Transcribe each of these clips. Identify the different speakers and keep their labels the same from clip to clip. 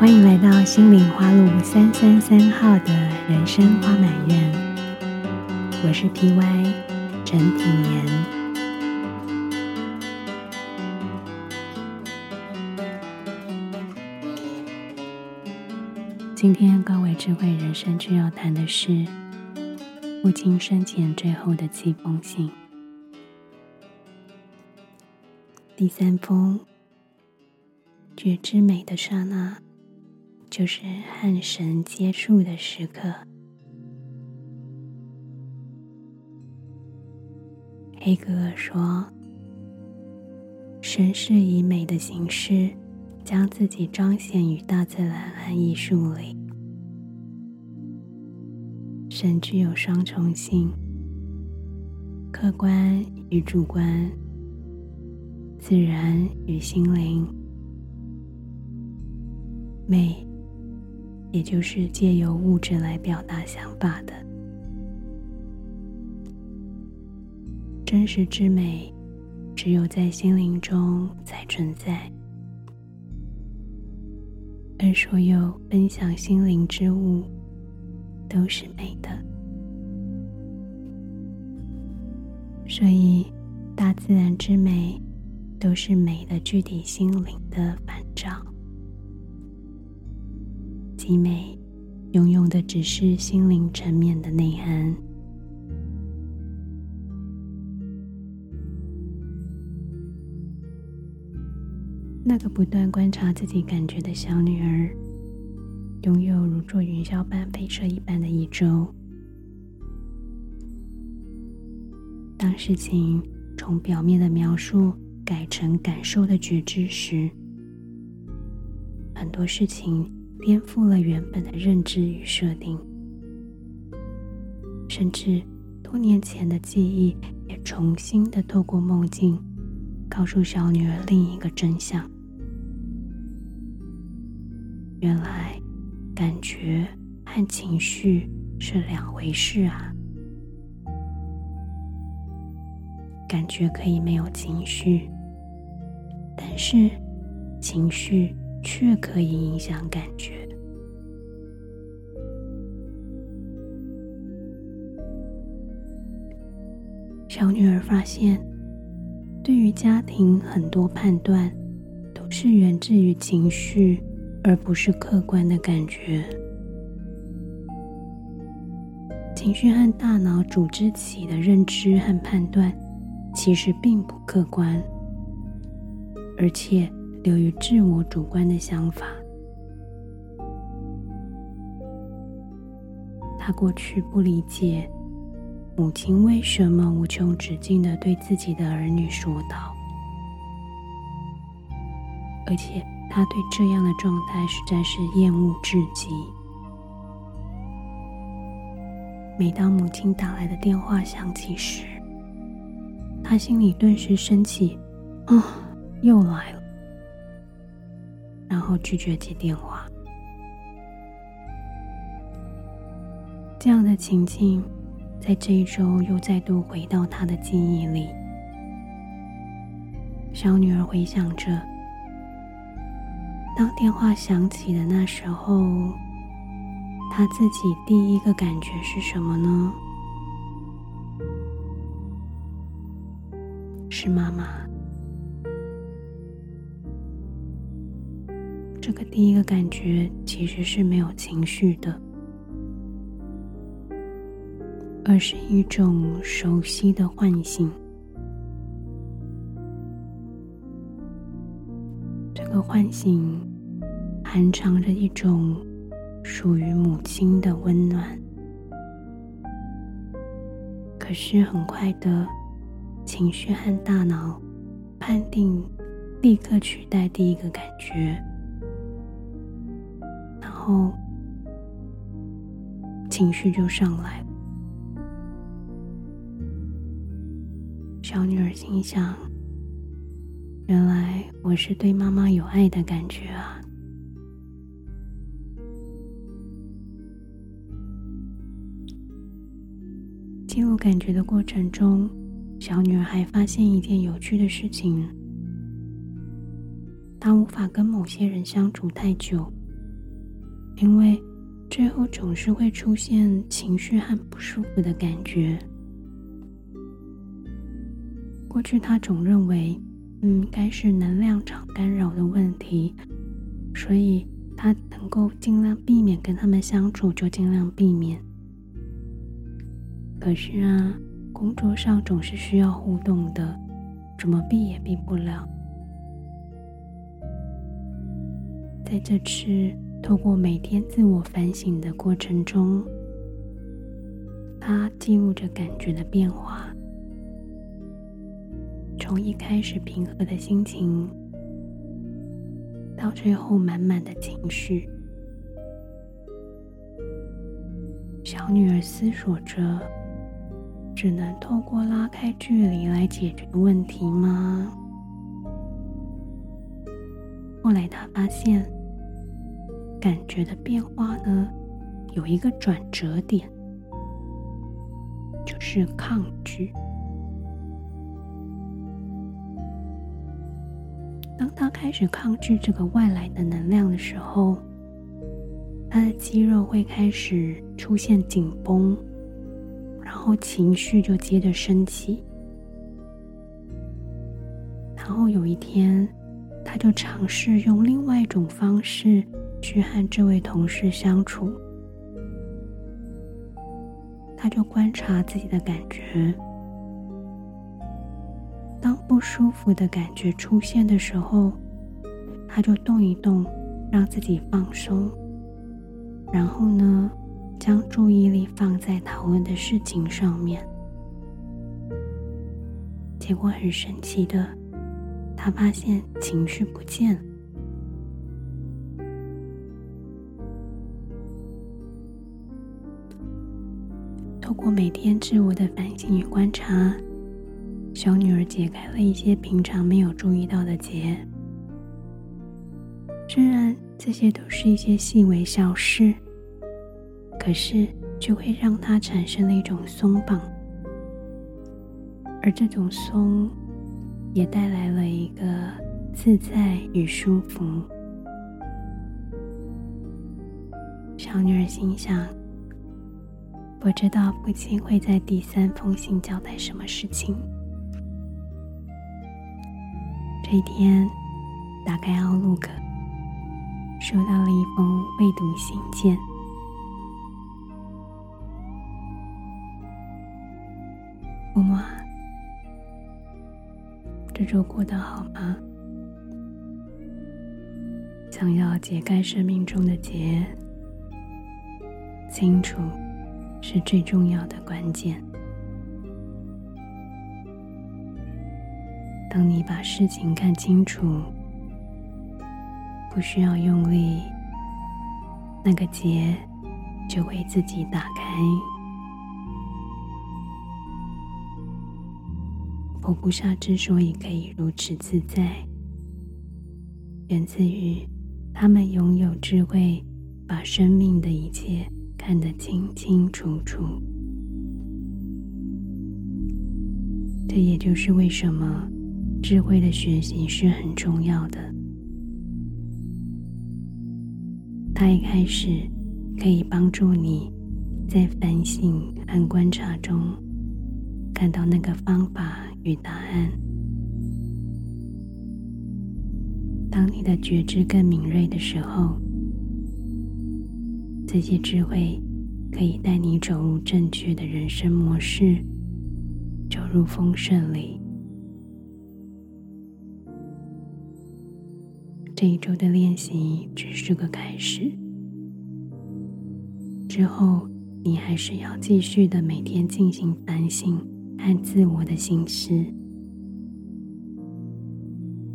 Speaker 1: 歡迎來到心靈花路三三三號的《人生花滿院》，我是 P.Y. 陳品妍。今天高維智慧人生劇要談的是父親生前最後的七封信，第三封覺知美的剎那。就是和神接觸的時刻。黑格爾說：“神是以美的形式將自己彰顯於大自然和藝術裡。神具有雙重性，客觀與主觀，自然與心靈，美。”也就是借由物質來表達想法的，真實之美，只有在心靈中才存在，而所有分享心靈之物都是美的，所以大自然之美都是美的具體心靈的反照。極美，擁有的只是心靈層面的內涵。那個不斷觀察自己感覺的小女兒，擁有如坐雲霄般飛車一般的一周。當事情從表面的描述改成感受的覺知時，很多事情。顛覆了原本的認知與設定，甚至多年前的記憶也重新的透過夢境，告訴小女兒另一個真相：原來感覺和情緒是兩回事啊！感覺可以沒有情緒，但是情緒……卻可以影響感覺。小女兒發現，對於家庭很多判斷都是源自於情緒，而不是客觀的感覺。情緒和大腦組織起的認知和判斷，其實並不客觀，而且。流於自我主觀的想法。他過去不理解母親為什麼無窮止境的對自己的兒女說道，而且他對這樣的狀態實在是厭惡至極。每當母親打來的電話響起時，他心裡頓時升起：“啊、哦，又來了。”然後拒絕接電話，這樣的情境，在這一周又再度回到他的記憶裡。小女兒回想着，當電話響起的那時候，他自己第一個感覺是什麼呢？是媽媽。這個第一個感覺其實是沒有情緒的，而是一種熟悉的喚醒。這個喚醒含藏着一種屬於母親的溫暖，可是很快的情緒和大腦判定立刻取代第一個感覺。後，情緒就上來了。小女兒心想：“原來我是對媽媽有愛的感覺啊！”進入感覺的過程中，小女孩發現一件有趣的事情：她無法跟某些人相處太久。因為最後總是會出現情緒和不舒服的感覺。過去他總認為，嗯，該是能量場干擾的問題，所以他能夠盡量避免跟他們相處，就盡量避免。可是啊，工作上總是需要互動的，怎麼避也避不了。在這次。透過每天自我反省的過程中，他記錄着感覺的變化，從一開始平和的心情，到最後滿滿的情緒。小女兒思索着，只能透過拉開距離來解決問題嗎？後來，她發現。感覺的變化呢，有一個轉折點，就是抗拒。當他開始抗拒這個外來的能量的時候，他的肌肉會開始出現緊繃，然後情緒就接着升起。然後有一天，他就嘗試用另外一種方式。去和這位同事相處，他就觀察自己的感覺。當不舒服的感覺出現的時候，他就動一動，讓自己放鬆。然後呢，將注意力放在討論的事情上面。結果很神奇的，他發現情緒不見了。我每天自我的反省與觀察，小女兒解開了一些平常沒有注意到的結。雖然這些都是一些細微小事，可是卻會讓她產生了一種鬆綁，而這種鬆也帶來了一個自在與舒服。小女兒心想。不知道父親會在第三封信交代什麼事情。這一天，打開 Outlook，收到了一封未讀信件。媽媽，這週過得好嗎？想要解開生命中的結，清楚。是最重要的關鍵。當你把事情看清楚，不需要用力，那個結就會自己打開。佛菩薩之所以可以如此自在，源自於他們擁有智慧，把生命的一切。看得清清楚楚，這也就是為什麼智慧的學習是很重要的。它，一開始可以幫助你在反省和觀察中看到那個方法與答案。當你的覺知更敏銳的時候。這些智慧可以帶你走入正確的人生模式，走入豐盛裡。這一周的練習只是個開始，之後你還是要繼續的每天進行反省和自我的心思，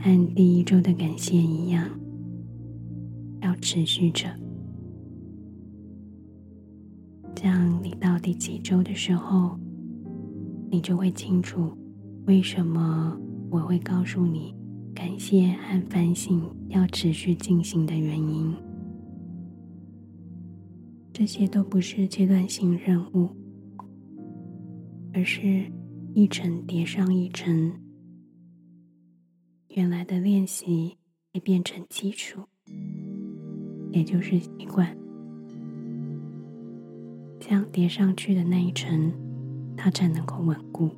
Speaker 1: 和第一周的感謝一樣，要持續着。像你到第幾周的時候，你就會清楚為什麼我會告訴你感謝和反省要持續進行的原因。這些都不是階段性任務，而是一層疊上一層，原來的練習會變成基礎，也就是習慣。這樣疊上去的那一層，它才能夠穩固。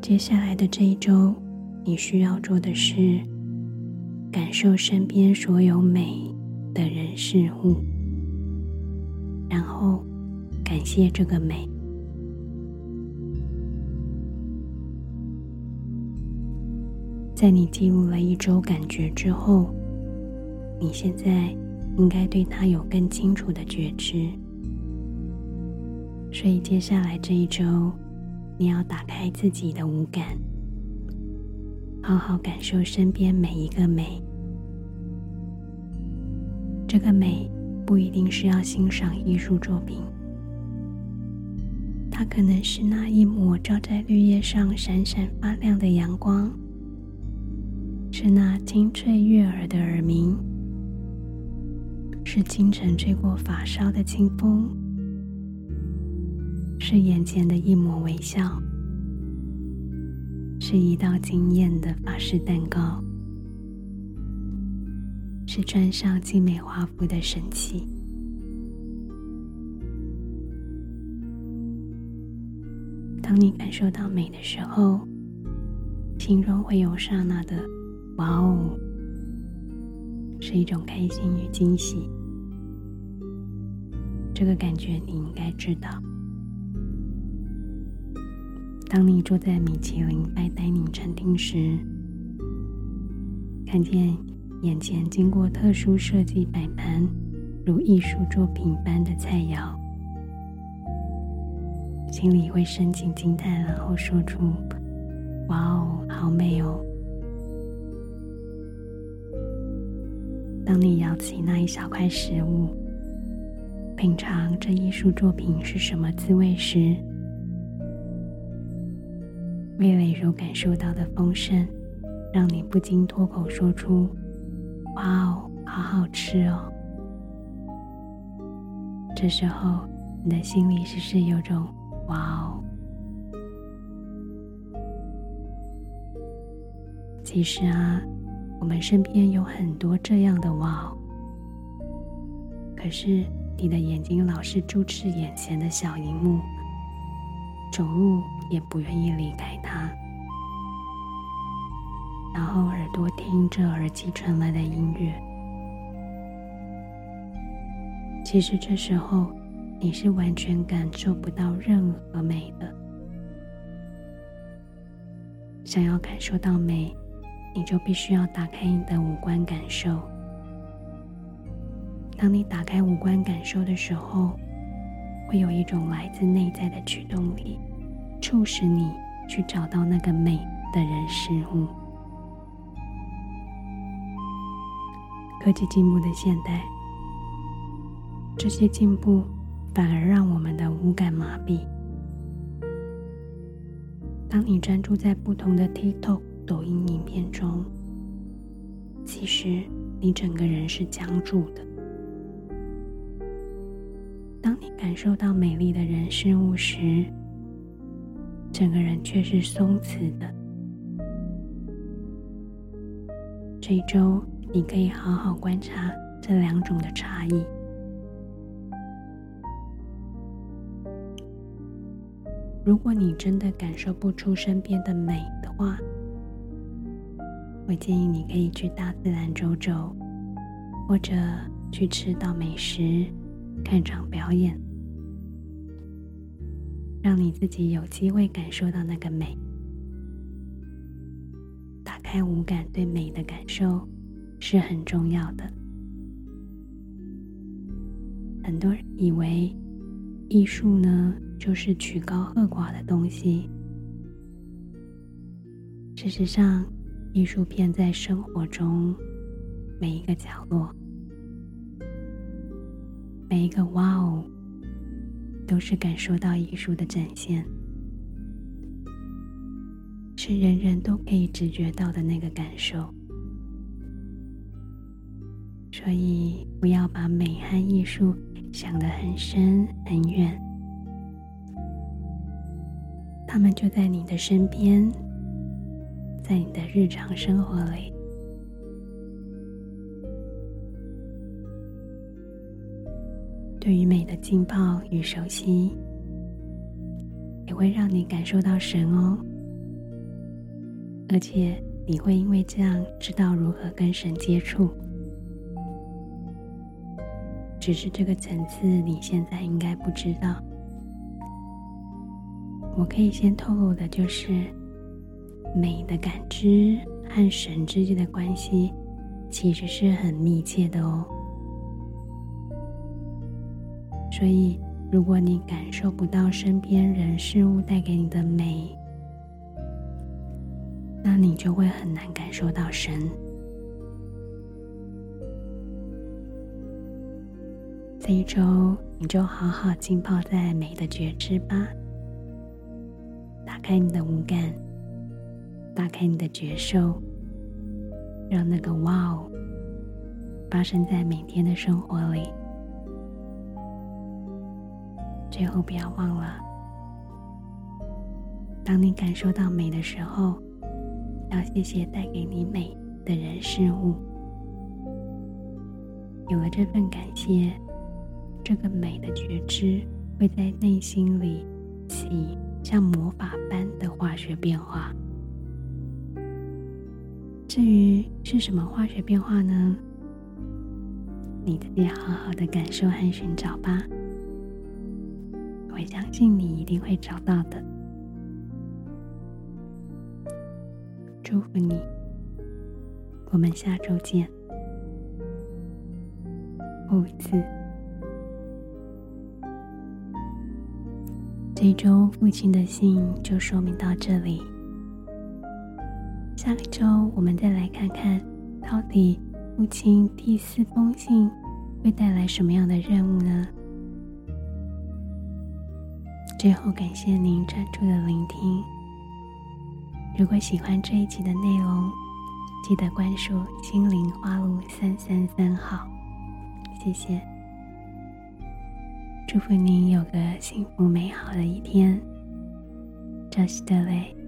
Speaker 1: 接下來的這一周，你需要做的是感受身邊所有美的人事物，然後感謝這個美。在你記錄了一周感覺之後，你現在應該對他有更清楚的覺知，所以接下來這一周，你要打開自己的五感，好好感受身邊每一個美。這個美不一定是要欣賞藝術作品，它可能是那一抹照在綠葉上閃閃發亮的陽光，是那清脆悅耳的耳鳴。是清晨吹過髮梢的清風，是眼前的一抹微笑，是一道驚艷的法式蛋糕，是穿上精美華服的神器。當你感受到美的時候，心中會有剎那的“哇哦”。是一種開心與驚喜，這個感覺你應該知道。當你坐在米其林拜黛寧餐廳時，看見眼前經過特殊設計擺盤、如藝術作品般的菜餚，心裡會深情驚嘆，然後說出：“哇哦，好美哦！”當你咬起那一小塊食物，品嘗這藝術作品是什麼滋味時，味蕾如感受到的豐盛，讓你不禁脫口說出：“哇哦，好好吃哦！”這時候，你的心裡是不是有種“哇哦”？其實啊。我們身邊有很多這樣的哇、wow。可是你的眼睛老是注視眼前的小熒幕，走路也不願意離開它，然後耳朵聽着耳機傳來的音樂。其實這時候，你是完全感受不到任何美的。想要感受到美。你就必須要打開你的五官感受。當你打開五官感受的時候，會有一種來自內在的驅動力，促使你去找到那個美的人事物。科技進步的現代，這些進步反而讓我們的五感麻痹。當你專注在不同的 TikTok。Talk, 抖音影片中，其實你整個人是僵住的；當你感受到美麗的人事物時，整個人卻是鬆弛的。這一周你可以好好觀察這兩種的差異。如果你真的感受不出身邊的美的話，我建議你可以去大自然走走，或者去吃到美食、看場表演，讓你自己有機會感受到那個美。打開五感對美的感受是很重要的。很多人以為藝術呢就是曲高和寡的東西，事實上。藝術片在生活中每一個角落，每一個“哇哦”，都是感受到藝術的展現，是人人都可以直覺到的那個感受。所以，不要把美和藝術想得很深很遠，它們就在你的身邊。在你的日常生活裡，對於美的浸泡與熟悉，也會讓你感受到神哦。而且，你會因為這樣知道如何跟神接觸。只是這個層次，你現在應該不知道。我可以先透露的就是。美的感知和神之間的關係，其實是很密切的哦。所以，如果你感受不到身邊人事物帶給你的美，那你就會很難感受到神。這一周，你就好好浸泡在美的覺知吧，打開你的五感。打開你的覺受，讓那個“哇哦”發生在每天的生活裡。最後，不要忘了，當你感受到美的時候，要謝謝帶給你美的人事物。有了這份感謝，這個美的覺知會在內心裡起像魔法般的化學變化。至於是什麼化學變化呢？你自己好好的感受和尋找吧。我相信你一定會找到的。祝福你，我們下周見。五字。這周父親的信就說明到這裡。下個週我們再來看看，到底父親第四封信會帶來什麼樣的任務呢？最後感謝您專注的聆聽。如果喜歡這一集的內容，記得關注心靈花路三三三號。謝謝，祝福您有個幸福美好的一天。扎西德勒。